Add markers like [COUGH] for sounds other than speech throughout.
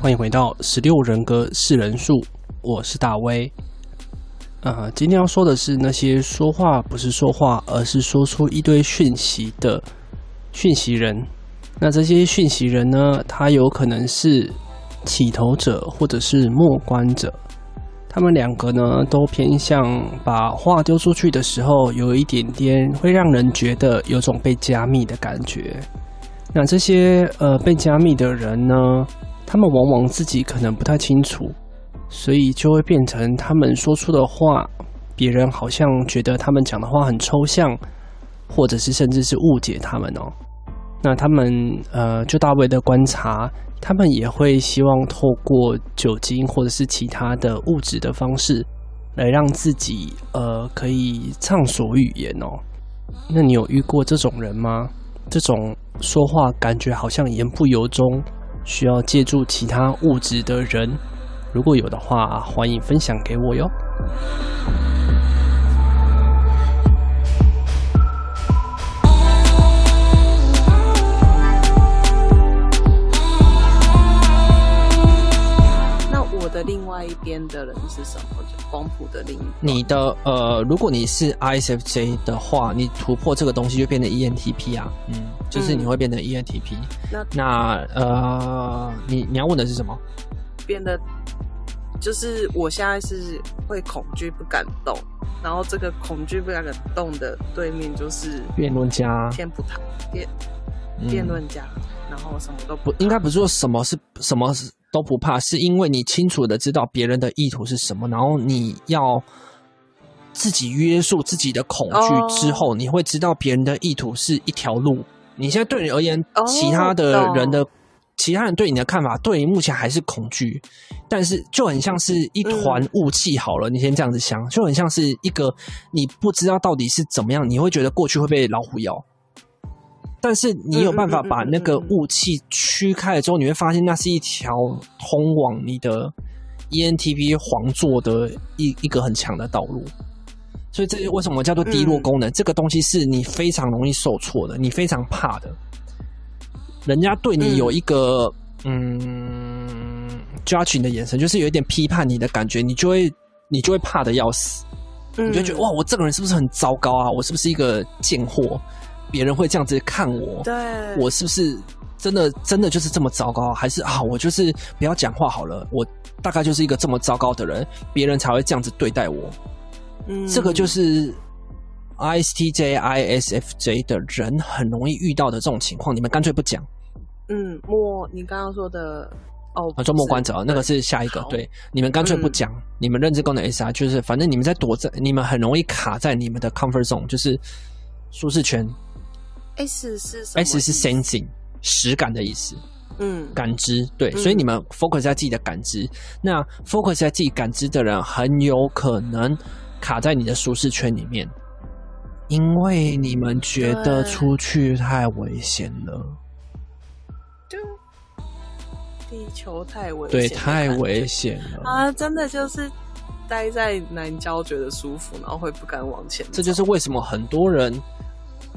歡迎回到十六人格四人樹，我是大威。啊、呃，今天要說的是那些說話不是說話，而是說出一堆訊息的訊息人。那這些訊息人呢，他有可能是起頭者或者是末觀者。他們兩個呢，都偏向把話丟出去的時候，有一點點會讓人覺得有種被加密的感覺。那這些呃被加密的人呢，他們往往自己可能不太清楚，所以就會變成他們說出的話，別人好像覺得他們講的話很抽象，或者是甚至是誤解他們哦。那他們呃，就大威的觀察，他們也會希望透過酒精或者是其他的物質的方式來讓自己呃可以暢所欲言哦。那你有遇過這種人嗎？這種說話感覺好像言不由衷，需要借助其他物質的人，如果有的話，歡迎分享給我喲。就另外一邊的人是什麼？光譜的另一邊。你的呃，如果你是 ISFJ 的話，你突破這個東西就變成 ENTP 啊，嗯，就是你會變成 ENTP、嗯。那那呃，你你要問的是什麼？變得就是我現在是會恐懼不敢動，然後這個恐懼不敢動的對面就是辯論家、天不塌辯辯論家、嗯，然後什麼都不，不應該不是說什麼是什麼是。都不怕，是因為你清楚的知道別人的意圖是什麼，然後你要自己約束自己的恐懼之後，oh. 你會知道別人的意圖是一條路，你現在對你而言，其他的人的、oh, 其他人對你的看法，對你目前還是恐懼，但是就很像是，一團霧氣。好了，嗯，你先這樣子想，就很像是一個你不知道到底是怎麼樣，你會覺得過去會被老虎咬。但是你有辦法把那個霧氣驅開了之後、嗯嗯嗯嗯，你會發現那是一條通往你的 ENTP 皇座的一一,一個很強的道路。所以這為什麼叫做低落功能、嗯？這個東西是你非常容易受挫的，你非常怕的。人家對你有一個嗯 judge 你的眼神，就是有一點批判你的感覺，你就會你就會怕的要死。嗯、你就會覺得哇，我這個人是不是很糟糕啊？我是不是一個賤貨？別人會這樣子看我，對，我是不是真的真的就是這麼糟糕？還是啊，我就是不要講話好了，我大概就是一個這麼糟糕的人，別人才會這樣子對待我。嗯，這個就是 ISTJ、ISFJ 的人很容易遇到的這種情況。你們乾脆不講。嗯，摸你剛剛說的哦，叫做“莫關者”，那個是下一個。對，你們乾脆不講，嗯，你們認知功能 SR 就是反正你們在躲在，你們很容易卡在你們的 comfort zone，就是舒適圈。S 是 S 是 sensing，實感的意思。嗯，感知對，嗯，所以你們 focus 在自己的感知，那 focus 在自己感知的人，很有可能卡在你的舒適圈裡面，因為你們覺得出去太危險了，對，地球太危險，對，太危險了啊！真的就是待在南郊覺得舒服，然後會不敢往前。這就是為什麼很多人。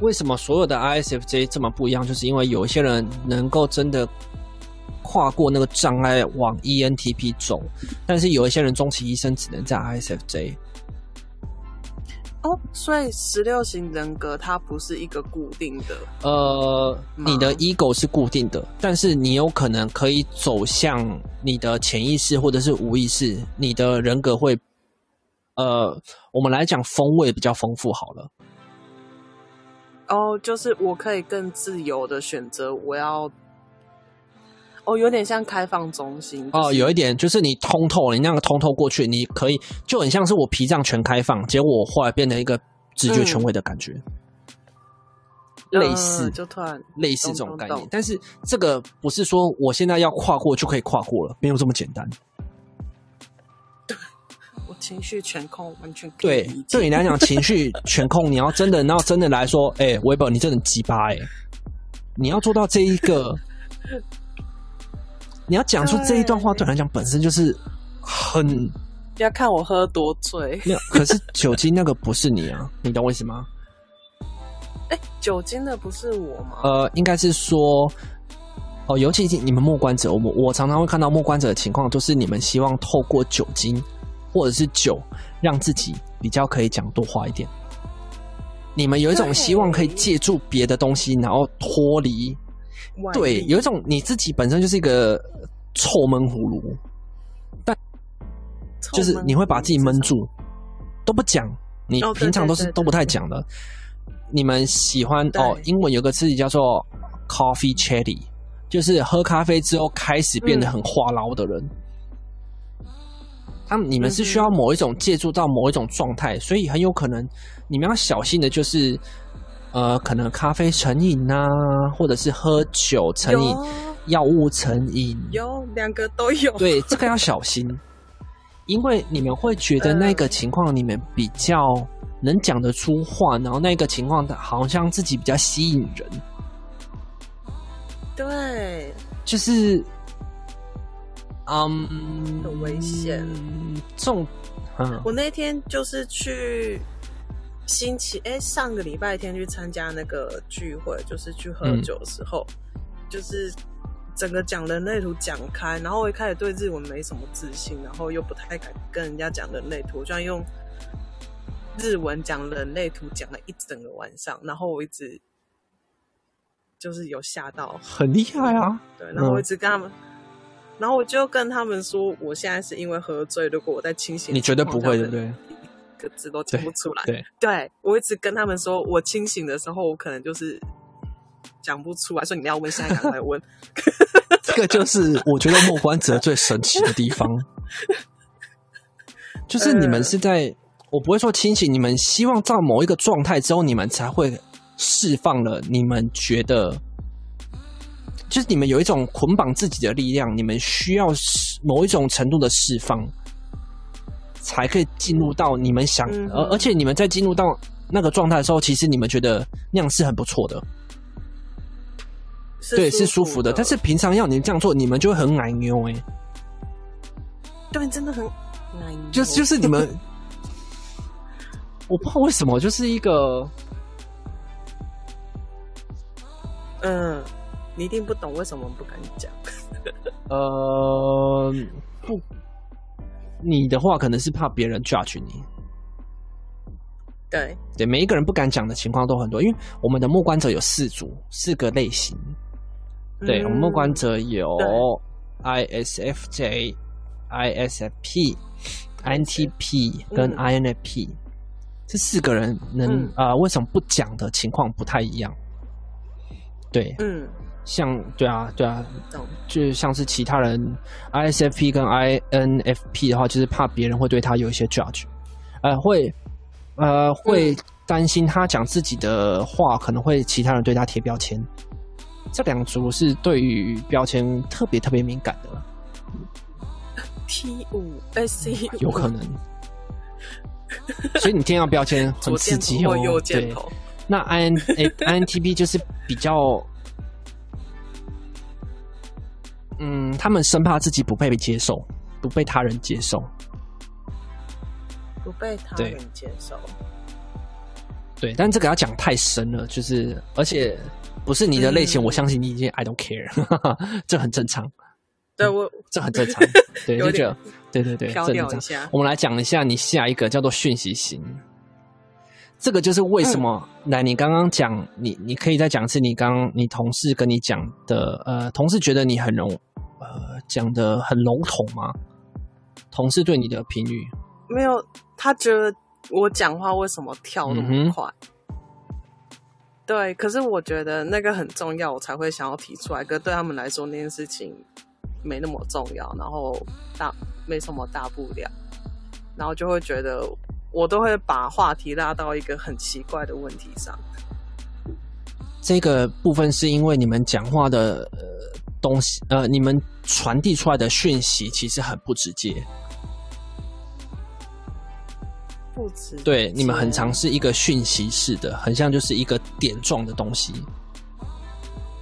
為什麼所有的 ISFJ 這麼不一樣？就是因為有一些人能夠真的跨過那個障礙往 ENTP 走，但是有一些人終其一生只能在 ISFJ。哦，所以十六型人格它不是一個固定的。呃，你的 ego 是固定的，但是你有可能可以走向你的潛意識或者是無意識，你的人格會，呃，我們來講風味比較豐富好了。哦、oh，就是我可以更自由的選擇，我要，哦、oh，有點像開放中心哦，就是，有一點就是你通透了，你那個通透過去，你可以就很像是我脾臟全開放，結果我後來變成一個直覺權威的感覺，嗯、類似、uh, 就突然類似這種概念動動動，但是這個不是說我現在要跨過就可以跨過了，沒有這麼簡單。情緒全控，完全對這裡來講，情緒全控， [LAUGHS] 你要真的，然後真的來說，哎、欸、，Weber，你真的雞巴哎、欸，你要做到這一個， [LAUGHS] 你要講出這一段話，對來講本身就是很不要看我喝多醉。 [LAUGHS] 可是酒精那個不是你啊，你懂我意思嗎？哎、欸，酒精的不是我嗎？呃，應該是說，哦，尤其你們目觀者，我我常常會看到目觀者的情況，就是你們希望透過酒精。或者是酒，讓自己比較可以講多話一點。你們有一種希望可以借助別的東西，然後脫離。對，有一種你自己本身就是一個臭悶葫蘆，但就是你會把自己悶住，都不講。你平常都是對對對對對都不太講的。你們喜歡哦？英文有個詞語叫做 coffee chatty，就是喝咖啡之後開始變得很話嘮的人。嗯那、啊、你們是需要某一種借助到某一種狀態、嗯，所以很有可能你們要小心的，就是呃，可能咖啡成癮啊，或者是喝酒成癮、藥物成癮，有兩個都有。對，這個要小心， [LAUGHS] 因為你們會覺得那個情況你們比較能講得出話，然後那個情況好像自己比較吸引人。對，就是。Um, 嗯，很危險。這、啊、種，我那天就是去星期，誒，上個禮拜天去參加那個聚會，就是去喝酒的時候、嗯，就是整個講人類圖講開，然後我一開始對日文沒什麼自信，然後又不太敢跟人家講人類圖，我居然用日文講人類圖講了一整個晚上，然後我一直就是有嚇到，很厲害啊！嗯、對，然後我一直跟他們。嗯然後我就跟他們說，我現在是因為喝醉。如果我在清醒，你絕對不會的，對，一個字都講不出來。對，對，對我一直跟他們說，我清醒的時候，我可能就是講不出來。所以你們要問，現在趕快問。 [LAUGHS] 這個就是我覺得莫關者最神奇的地方， [LAUGHS] 就是你們是在我不會說清醒，你們希望在某一個狀態之後，你們才會釋放了你們覺得。就是你們有一種捆綁自己的力量，你們需要某一種程度的釋放，才可以進入到你們想。而、嗯、而且你們在進入到那個狀態的時候，其實你們覺得那樣是很不錯的，的，對，是舒服的。但是平常要你這樣做，你們就會很奶牛誒。對，真的很奶牛。就是、就是你們， [LAUGHS] 我不知道為什麼，就是一個，嗯。你一定不懂為什麼不敢講？呃，不，你的話可能是怕別人 judge 你。對對，每一個人不敢講的情況都很多，因為我們的目觀者有四組四個類型。對，嗯、我們目觀者有 ISFJ、ISFP、INTP 跟 INFP、嗯、這四個人能，能、嗯、啊、呃、為什麼不講的情況不太一樣？對，嗯。像對啊，對啊，就是像是其他人，ISFP 跟 INFP 的話，就是怕別人會對他有一些 judge，呃，會呃會擔心他講自己的話可能會其他人對他貼標籤。這兩組是對於標籤特別特別敏感的。T 五 SC 有可能。所以你聽到標籤很刺激有沒有？對。那 ININTP 就是比較。嗯，他們生怕自己不被接受，不被他人接受，不被他人接受，對， [NOISE] 對，但這個要講太深了，就是而且不是你的類型，我相信你已經 I don't care，這很正常。對我，這很正常，對，嗯、這個 [LAUGHS] 對對對，這很正常。我們來講一下你下一個叫做訊息型，這個就是為什麼、嗯、來，你剛剛講，你你可以再講一次你剛剛，你剛剛你同事跟你講的，呃，同事覺得你很容易。呃，講得很籠統嗎？同事對你的評語沒有，他覺得我講話為什麼跳那麼快，嗯？對，可是我覺得那個很重要，我才會想要提出來。可對他們來說，那件事情沒那麼重要，然後大沒什麼大不了，然後就會覺得我都會把話題拉到一個很奇怪的問題上。這個部分是因為你們講話的，呃東西呃，你們傳遞出來的訊息其實很不直，不直接，對，你們很常是一個訊息式的，很像就是一個點狀的東西。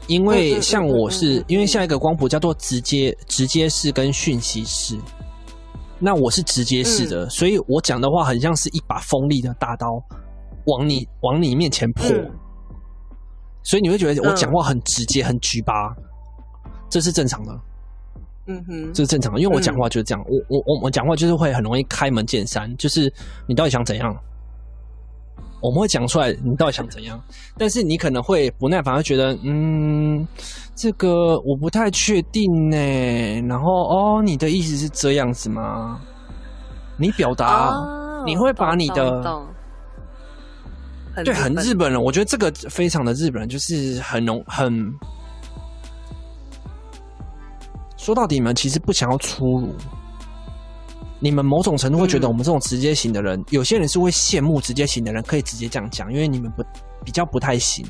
因為像我是，哦、對對對對對對，因為像一個光譜叫做直接，直接式跟訊息式。那我是直接式的，嗯、所以我講的話很像是一把鋒利的大刀往你往你面前破、嗯，所以你會覺得我講話很直接，很直巴。這是正常的，嗯哼，這是正常的，因為我講話就是這樣，嗯、我我我我講話就是會很容易開門見山，就是你到底想怎樣，我們會講出來你到底想怎樣， [LAUGHS] 但是你可能會不耐煩，會覺得嗯，這個我不太確定呢？然後哦，你的意思是這樣子嗎？你表達，哦、你會把你的，對，很日本人，我覺得這個非常的日本人，就是很容很。很說到底，你們其實不想要粗魯。你們某種程度會覺得我們這種直接型的人，嗯，有些人是會羨慕直接型的人可以直接這樣講，因為你們不比較不太行。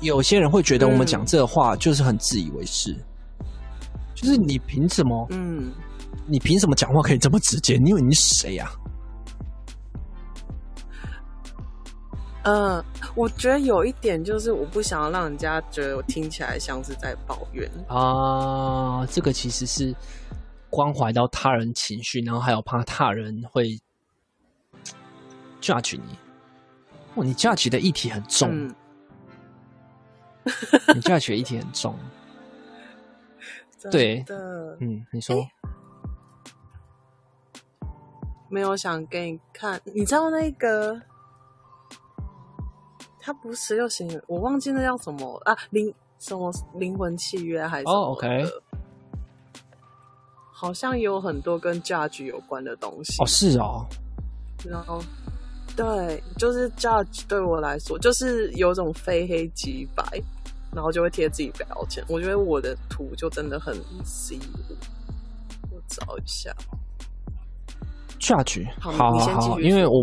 有些人會覺得我們講這話就是很自以為是，嗯、就是你憑什麼？嗯，你憑什麼講話可以這麼直接？你以為你是誰呀，啊？嗯、呃。我覺得有一點就是，我不想要讓人家覺得我聽起來像是在抱怨 [LAUGHS] 啊。這個其實是關懷到他人情緒，然後還有怕他人會 judge 你。哦，你 judge 的議題很重，你 judge 的議題很重。嗯、 [LAUGHS] 的很重真的，對，嗯，你說沒有想給你看，你知道那個？他不是又行，我忘記那叫什麼啊靈什麼靈魂契約還是 OK 好像有很多跟 judge 有關的東西。哦、oh，是哦。然後對，就是 judge 對我來說就是有種非黑即白，然後就會貼自己標籤。我覺得我的圖就真的很 C，我找一下 judge 好好,好好好，你先繼續說。因為我。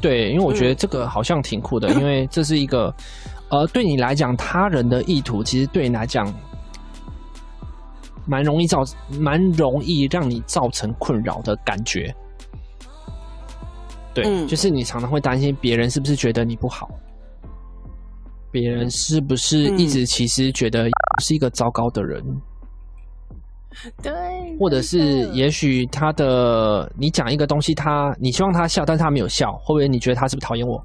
對，因為我覺得這個好像挺酷的。嗯，因為這是一個，呃，對你來講，他人的意圖其實對你來講，蠻容易造，蠻容易讓你造成困擾的感覺。對、嗯，就是你常常會擔心別人是不是覺得你不好，別人是不是一直其實覺得你是一個糟糕的人。對，或者是也許他的你講一個東西他，他你希望他笑，但是他沒有笑，會不會你覺得他是不是討厭我？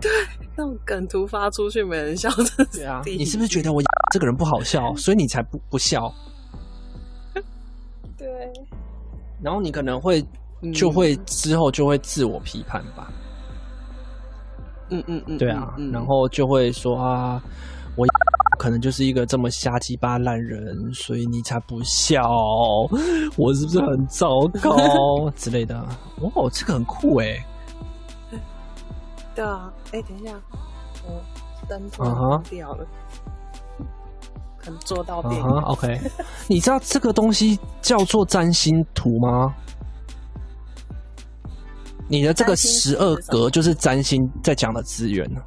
對，那種梗圖發出去沒人笑，對啊， [LAUGHS] 你是不是覺得我這個人不好笑， [LAUGHS] 所以你才不不笑？對，然後你可能會就會之後就會自我批判吧。嗯嗯嗯，對啊，嗯嗯嗯，然後就會說啊。可能就是一個這麼瞎雞巴爛人，所以你才不笑。我是不是很糟糕 [LAUGHS] 之類的？哦，這個很酷哎、欸！對啊，哎、欸，等一下，我燈泡掉，掉了，uh -huh. 可能做到底好、uh -huh, OK， [LAUGHS] 你知道這個東西叫做占星圖嗎？ [LAUGHS] 你的這個十二格就是占星在講的資源呢。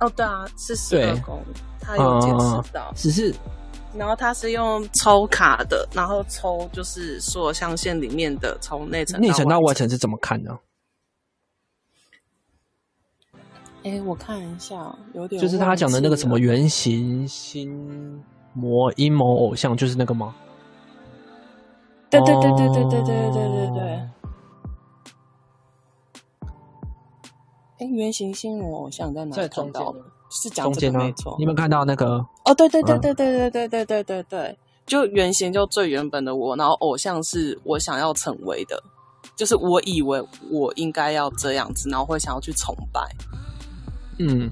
哦，對啊，是十二宮，他有解釋到、啊，只是，然後他是用抽卡的，然後抽就是說象限裡面的抽內層，內層到外層是怎麼看呢、啊？哎，我看一下，有點就是他講的那個什麼原型、心魔、陰謀、偶像，就是那個嗎？對對對對對對對對對對對。哎，原型心魔偶像在哪看到的？就是講這個中間沒、啊、錯，你有沒有看到那個？哦，對對對對對對對對對對對，對，對、嗯，就原型就最原本的我，然後偶像是我想要成為的，就是我以為我應該要這樣子，然後會想要去崇拜。嗯，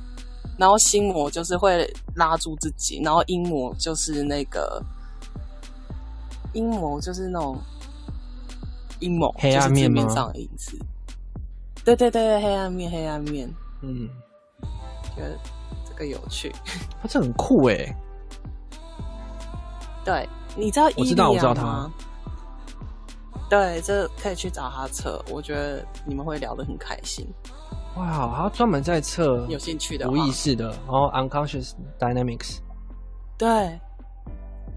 然後心魔就是會拉住自己，然後陰魔就是那個陰魔就是那種陰魔、啊，就是面面上的影子。對對對，黑暗面，黑暗面。嗯，覺得這個有趣。他 [LAUGHS] 這很酷哎。對，你知道伊利亞嗎？我知道，我知道他。對，這可以去找他測。我覺得你們會聊得很開心。哇、wow，他專門在測，有興趣的，無意識的，然後 unconscious dynamics。對，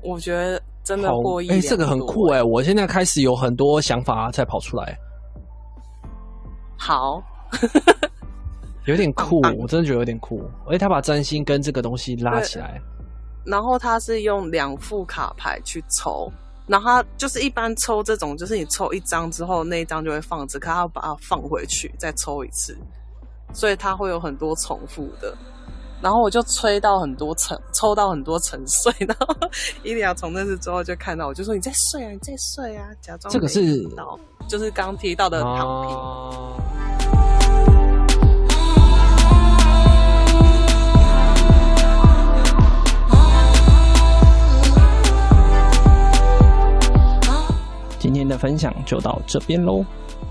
我覺得真的哎、欸，這個很酷哎。我現在開始有很多想法在跑出來。好 [LAUGHS] ，有點酷，嗯嗯，我真的覺得有點酷。而且他把占星跟這個東西拉起來，然後他是用兩副卡牌去抽，然後他就是一般抽這種，就是你抽一張之後，那一張就會放着，可他要把它放回去再抽一次，所以他會有很多重複的。然後我就吹到很多層，抽到很多層睡到，一伊利亞從那次之後就看到我，就說：“你在睡啊，你在睡啊，假裝。”這個是就是剛提到的躺平，啊。今天的分享就到這邊嘍。